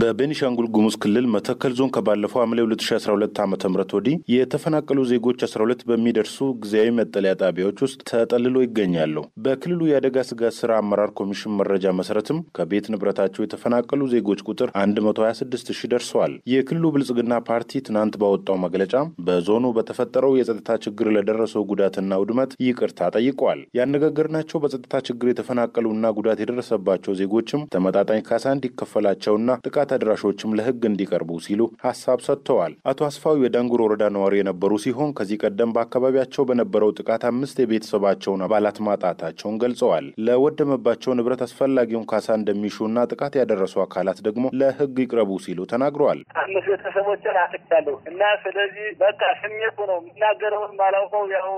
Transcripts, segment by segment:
በቤኒሻንጉል ጉሙዝ ክልል መተከል ዞን ከባለፈው ሐምሌ 2012 ዓ ም ወዲህ የተፈናቀሉ ዜጎች 12 በሚደርሱ ጊዜያዊ መጠለያ ጣቢያዎች ውስጥ ተጠልሎ ይገኛሉ። በክልሉ የአደጋ ስጋት ስራ አመራር ኮሚሽን መረጃ መሰረትም ከቤት ንብረታቸው የተፈናቀሉ ዜጎች ቁጥር 126 ሺህ ደርሰዋል። የክልሉ ብልጽግና ፓርቲ ትናንት ባወጣው መግለጫ በዞኑ በተፈጠረው የጸጥታ ችግር ለደረሰው ጉዳትና ውድመት ይቅርታ ጠይቋል። ያነጋገርናቸው በጸጥታ ችግር የተፈናቀሉና ጉዳት የደረሰባቸው ዜጎችም ተመጣጣኝ ካሳ እንዲከፈላቸውና ጥቃት አድራሾችም ለህግ እንዲቀርቡ ሲሉ ሀሳብ ሰጥተዋል። አቶ አስፋው የደንጉር ወረዳ ነዋሪ የነበሩ ሲሆን ከዚህ ቀደም በአካባቢያቸው በነበረው ጥቃት አምስት የቤተሰባቸውን አባላት ማጣታቸውን ገልጸዋል። ለወደመባቸው ንብረት አስፈላጊውን ካሳ እንደሚሹና ጥቃት ያደረሱ አካላት ደግሞ ለህግ ይቅረቡ ሲሉ ተናግረዋል። አምስት ቤተሰቦችን አጥቻለሁ እና ስለዚህ በቃ ስሜቱ ነው የሚናገረውን ማላውቀው ያው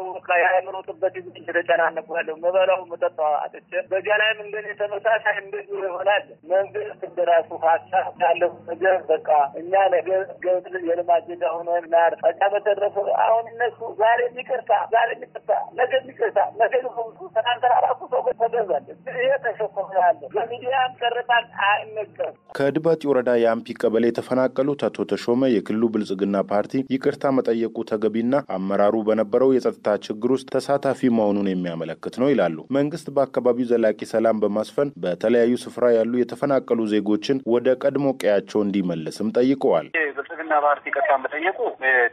የሃይማኖ ጊዜ የተጨናነቁ ያለው መበላው መጠጣ አጥቼ በዚያ ላይም እንደኔ ተመሳሳይ እንደዚሁ ይሆናል። መንግስት እንደራሱ ሀሳብ ያለው ነገር በቃ እኛ ነገ ገብል የልማት ዜጋ ሆነን ናር በቃ በተረፈ አሁን እነሱ ዛሬ የሚቅርታ ዛሬ የሚቅርታ ነገ የሚቅርታ ነገ ሊሆኑ ትናንትና ራሱ ሰው ተገዛለን ይሄ ያለ በሚዲያም ቀረጣል አይነገር ከድባት ወረዳ የአምፒ ቀበሌ የተፈናቀሉት አቶ ተሾመ የክልሉ ብልጽግና ፓርቲ ይቅርታ መጠየቁ ተገቢና አመራሩ በነበረው የጸጥታ ችግር ውስጥ ተሳታፊ መሆኑን የሚያመለክት ነው ይላሉ። መንግስት በአካባቢው ዘላቂ ሰላም በማስፈን በተለያዩ ስፍራ ያሉ የተፈናቀሉ ዜጎችን ወደ ቀድሞ ቀድሞ ቀያቸው እንዲመልስም ጠይቀዋል። ዋና ፓርቲ ይቅርታን መጠየቁ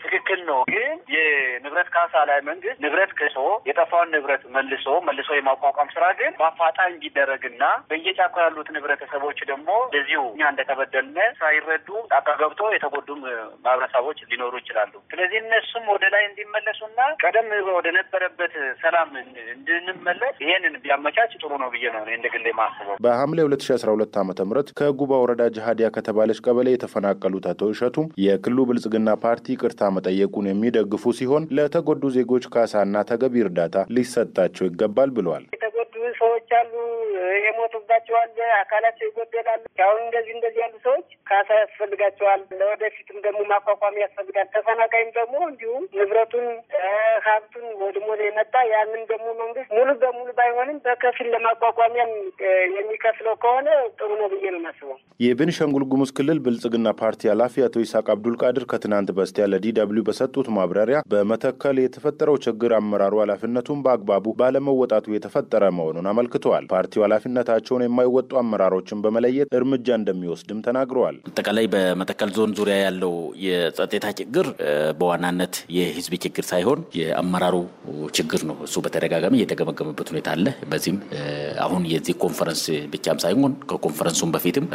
ትክክል ነው። ግን የንብረት ካሳ ላይ መንግስት ንብረት ክሶ የጠፋውን ንብረት መልሶ መልሶ የማቋቋም ስራ ግን በአፋጣኝ እንዲደረግና በየጫካ ያሉት ህብረተሰቦች ደግሞ እንደዚሁ እኛ እንደተበደልነ ሳይረዱ ጣቃ ገብቶ የተጎዱም ማህበረሰቦች ሊኖሩ ይችላሉ። ስለዚህ እነሱም ወደ ላይ እንዲመለሱና ቀደም ወደ ነበረበት ሰላም እንድንመለስ ይሄንን ቢያመቻች ጥሩ ነው ብዬ ነው እንደ ግሌ ማስበው። በሐምሌ ሁለት ሺ አስራ ሁለት ዓመተ ምህረት ከጉባ ወረዳ ጅሃዲያ ከተባለች ቀበሌ የተፈናቀሉት አቶ እሸቱም የክልሉ ብልጽግና ፓርቲ ቅርታ መጠየቁን የሚደግፉ ሲሆን ለተጎዱ ዜጎች ካሳና ተገቢ እርዳታ ሊሰጣቸው ይገባል ብለዋል። የተጎዱ ሰዎች አሉ፣ የሞቱባቸው አካላቸው ይጎደላል። አሁን እንደዚህ እንደዚህ ያሉ ሰዎች ካሳ ያስፈልጋቸዋል። ለወደፊትም ደግሞ ማቋቋም ያስፈልጋል። ተፈናቃይም ደግሞ እንዲሁም ንብረቱን ሀብቱን ወድሞ ነው የመጣ። ያንን ደግሞ መንግስት ሙሉ በሙሉ ባይሆንም በከፊል ለማቋቋሚያ የሚከፍለው ከሆነ ጥሩ ነው ብዬ ነው ማስበው። የቤንሻንጉል ጉሙዝ ክልል ብልጽግና ፓርቲ ኃላፊ አቶ ይስሐቅ አብዱልቃድር ከትናንት በስቲያ ለዲ ደብልዩ በሰጡት ማብራሪያ በመተከል የተፈጠረው ችግር አመራሩ ኃላፊነቱን በአግባቡ ባለመወጣቱ የተፈጠረ መሆኑን አመልክተዋል። ፓርቲው ኃላፊነታቸውን የማይወጡ አመራሮችን በመለየት እርምጃ እንደሚወስድም ተናግረዋል። አጠቃላይ በመተከል ዞን ዙሪያ ያለው የጸጥታ ችግር በዋናነት የህዝብ ችግር ሳይሆን የአመራሩ ችግር ነው። እሱ በተደጋጋሚ የተገመገመበት ሁኔታ አለ። በዚህም አሁን የዚህ ኮንፈረንስ ብቻም ሳይሆን ከኮንፈረንሱም በፊትም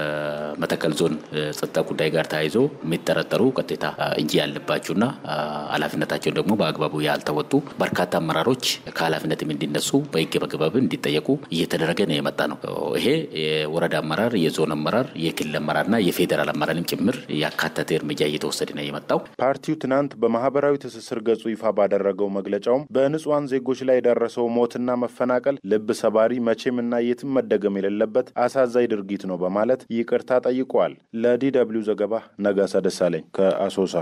መተከል ዞን ጸጥታ ጉዳይ ጋር ተያይዞ የሚጠረጠሩ ቀጥታ እጅ ያለባቸውና ኃላፊነታቸውን ደግሞ በአግባቡ ያልተወጡ በርካታ አመራሮች ከኃላፊነትም እንዲነሱ በህግ እንዲጠየቁ እየተደረገ ነው የመጣ ነው። ይሄ የወረዳ አመራር፣ የዞን አመራር፣ የክልል አመራርና የፌዴራል አመራርም ጭምር ያካተተ እርምጃ እየተወሰደ ነው የመጣው። ፓርቲው ትናንት በማህበራዊ ትስስር ገጹ ይፋ ባደረገው መግለጫውም በንጹሐን ዜጎች ላይ የደረሰው ሞትና መፈናቀል ልብ ሰባሪ መቼም እና የትም መደገም የሌለበት አሳዛኝ ድርጊት ነው በማለት ይቅርታ ጠይቋል። ለዲ ደብልዩ ዘገባ ነጋሳ ደሳለኝ ከአሶሳ